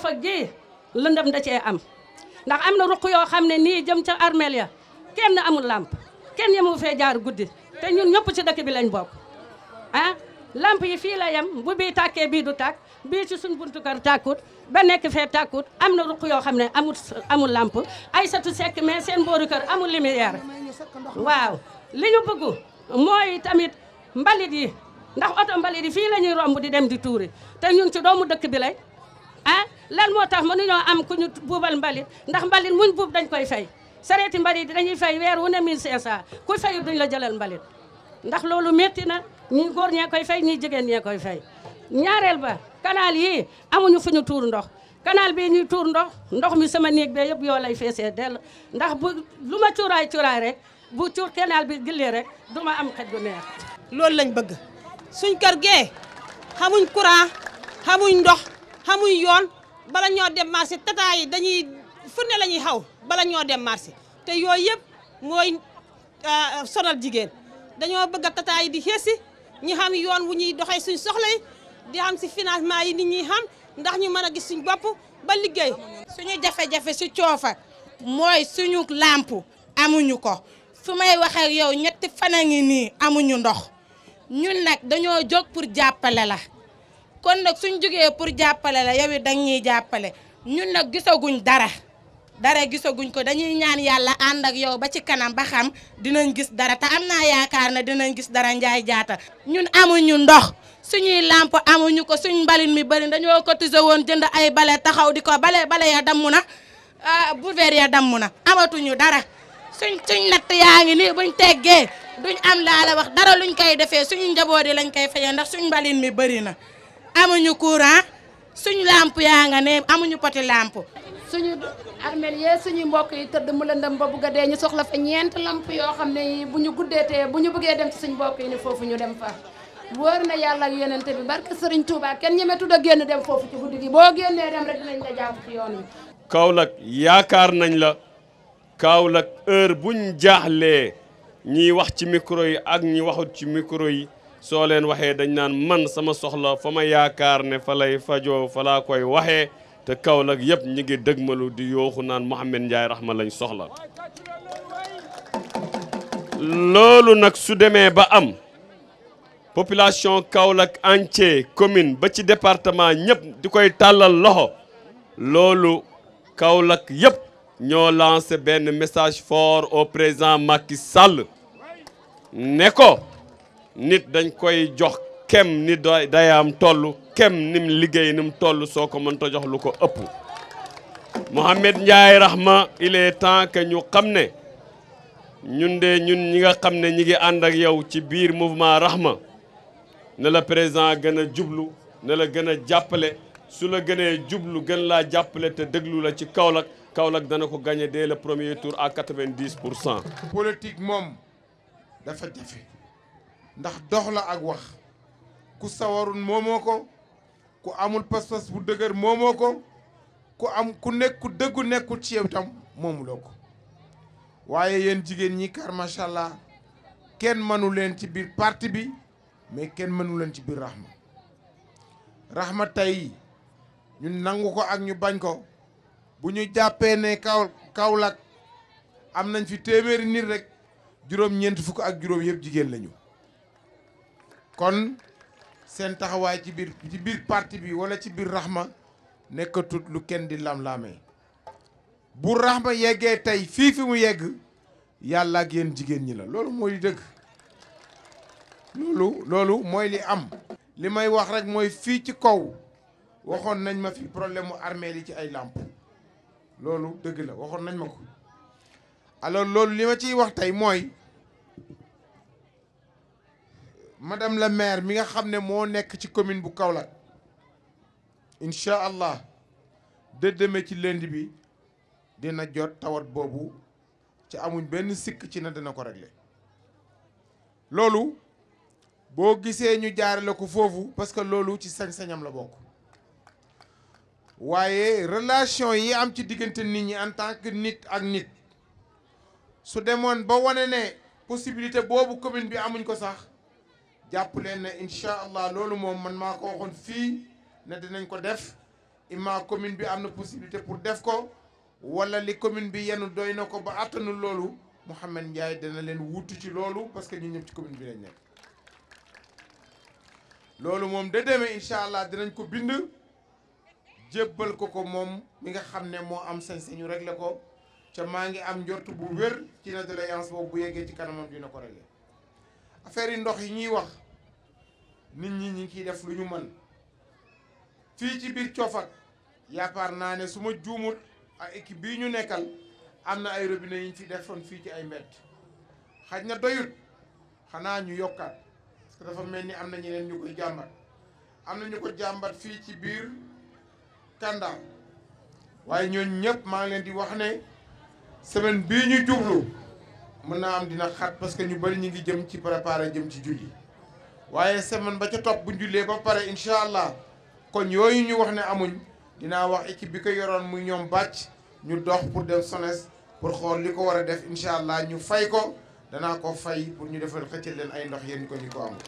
Yofa gi lendam da ci am ndax am ruq yo xamne ni jëm ci armeel ya kenn amul lamp, kenn yemu fe jaar guddi te ñun ñop ci dëkk bi lañ bok ah lamp yi fi la yam bu bi tàkkee bi du tak, bi ci suñ buntu kar takut ba nek fe takut am ruq yo xamne amul amul lamp ay satu sekk mais seen booru kër amul lumière waaw li ñu bëgg mooy tamit mbalit yi ndax auto mbalit yi fi lañuy romb di dem di touré te ñun ci doomu dëkk bi lay ah lan moo tax mënuñoo am ku ñu buubal mbalit ndax mbalit muñ buub dañ koy fay sareeti mbalit yi dañuy fay weer wu ne 1500 ku fayu duñ la jëlal mbalit ndax loolu métti na ñu góor ñee koy fay ñi jigéen ñee koy fay ñaareel ba canal yii amuñu fu ñu tuur ndox canal bii ñuy tuur ndox ndox mi sama néeg bee yëpp yoo lay feesee dell ndax bu lu ma cuuraay cuuraay rek bu cuur canal bi gillee rek duma am xet gu neex loolu lañ bëgg suñ kër gee xamuñ courant xamuñ ndox xamuñ yoon bala ñoo dem marché tata yi dañuy fu ne la ñuy xaw bala ñoo dem marché te yooyu yëpp mooy euh, sonal jigéen dañoo bëgg a tata yi di xeesi ñi xam yoon wu ñuy doxee si soxla di xam si financement yi nit ñi xam ndax ñi mën a gis suñ bopp ba liggéey. suñu jafe-jafe si coofa mooy suñu làmp amuñu ko su may wax ak yow ñetti fan a ngi nii amuñu ndox ñu nag dañoo jóg pour jàppale la. kon nag suñ jógee pour jàppale la yow it jàppale ñun nag gisaguñ dara dara gisaguñ ko dañuy ñaan yàlla ànd ak yow ba ci kanam ba xam dinañ gis dara te am naa yaakaar ne dinañ gis dara njaay jaata ñun amuñu ndox suñuy làmp amuñu ko suñ mbalin mi bëri dañoo cotiser woon jënd ay bale taxaw di ko bale bale ya damm na ah, bouver ya damm na amatuñu dara suñ suñ natt yaa ngi nii buñ teggee duñ am laa wax dara luñ koy defee suñu njaboot yi lañ koy fayee ndax suñ mbalin mi bëri na amuñu courant suñu làmp yaa nga ne amuñu poti làmp suñu armel yee suñu mbokk yi tëdd mu lëndëm ba bugg a dee ñu soxla fa ñeent lamp yoo xam ne bu ñu guddee tee bu ñu bëggee dem ci suñu mbokk yi ni foofu ñu dem fa wóor na yàlla ak yonente bi barke Sëriñ Touba kenn ñemetud a génn dem foofu ci guddi gi boo génnee dem rek dinañ la jàpp ci yoon yaakaar nañ la Kaolack heure buñ jaaxlee ñiy wax ci micro yi ak ñi waxut ci micro yi soo leen waxee dañ naan man sama soxla fa ma yaakaar ne falay lay fajoo fa koy waxee te Kaolack yëpp ñi ngi dëgmalu di yooxu naan Mouhamed Ndiaye Rahma lañu soxla loolu nag su demee ba am population Kaolack entier commune ba ci département ñëpp di koy tàllal loxo loolu Kaolack yëpp ñoo lancé benn message fort au président Macky sàll ne ko nit dañ koy jox kem ni dayaam tollu kem nim liggéey nim toll soo ko mënta jox lu ko ëpp Mohamed Ndiaye Rahma il est temps que ñu xam ne ñun de ñun ñi nga xam ne ñi ngi ànd ak yow ci biir mouvement Rahma ne la président gën a jublu ne la gën a jàppale su la gënee jublu gën laa jàppale te déglu la ci Kaolack Kaolack dana ko gagné dès le premier tour à quatre vingt pour cent politique moom dafa jafe ndax dox la ak wax ku sawarul moomoo ko ku amul pas-pas bu dëgër moomoo ko ku am ku nekku ku dëggu nekkul ci yow moomuloo ko waaye yéen jigéen ñi kar macha allah kenn mënu leen ci biir parti bi mais kenn mënu leen ci biir rahma raxma tey ñu nangu ko ak ñu bañ ko bu ñu jàppee ne kaw Kaolack am nañ fi téeméeri nit rek juróom-ñeent fukk ak juróom yëpp jigéen lañu kon seen taxawaay ci biir ci biir parti bi wala ci biir Rahma nekkatut lu kenn di lam-laamee bu Rahma yeggee tey fii fi mu yegg yàlla ak yéen jigéen ñi la loolu mooy dëgg loolu loolu mooy li am li may wax rek mooy fii ci kaw waxoon nañ ma fi problème mu armée li ci ay làmp loolu dëgg la waxoon nañ ma ko alors loolu li ma ciy wax tey mooy madame la maire mi nga xam ne moo nekk ci commune bu Kaolack incha allah dëddëme ci lënd bi dina jot tawat boobu ci amuñ benn sikk ci na dina ko régler loolu boo gisee ñu jaare ko foofu parce que loolu ci sañ-sañam la bokk waaye relation yi am ci diggante nit ñi en nit ak nit su demoon ba wane ne possibilité boobu commune bi amuñ ko sax jàpp leen ne incha allah loolu moom man maa ko waxoon fii ne dinañ ko def imma commune bi am na possibilité pour def ko wala li commune bi yanu doy na ko ba àttanul loolu Mouhamed Ndiaye dana leen wutu ci loolu parce que ñu ñëpp ci commune bi lañ nekk loolu moom da demee incha allah dinañ ko bind jébbal ko ko moom mi nga xam ne moo am sañ-sañu régler ko ca maa ngi am njort bu wér ci ne doléance boobu bu yeggee ci kanamam dina ko régler affaire yi ndox yi ñuy wax nit ñi ñi kiy def lu ñu mën fii ci biir Coofak yaakaar naa ne su ma juumut ak équipe bii ñu nekkal am na ay robinet yiñ fi defoon fii ci ay mbedd xaj na doyut xanaa ñu yokkaat parce que dafa mel ni am na ñeneen ñu koy jàmbat am na ñu ko jàmbat fii ci biir Kanda waaye ñoo ñëpp maa ngi leen di wax ne semaine bii ñu jublu mën naa am dina xat parce que ñu bari ñu ngi jëm ci préparer jëm ci julli waaye semaine ba ca topp bu jullee ba pare incha allah kon yooyu ñu wax ne amuñ dinaa wax équipe bi ko yoroon muy ñoom bàcc ñu dox pour dem SONES pour xool li ko war a def incha allah ñu fay ko danaa ko fay pour ñu defal xëccal leen ay ndox yéen ko ñu ko amul.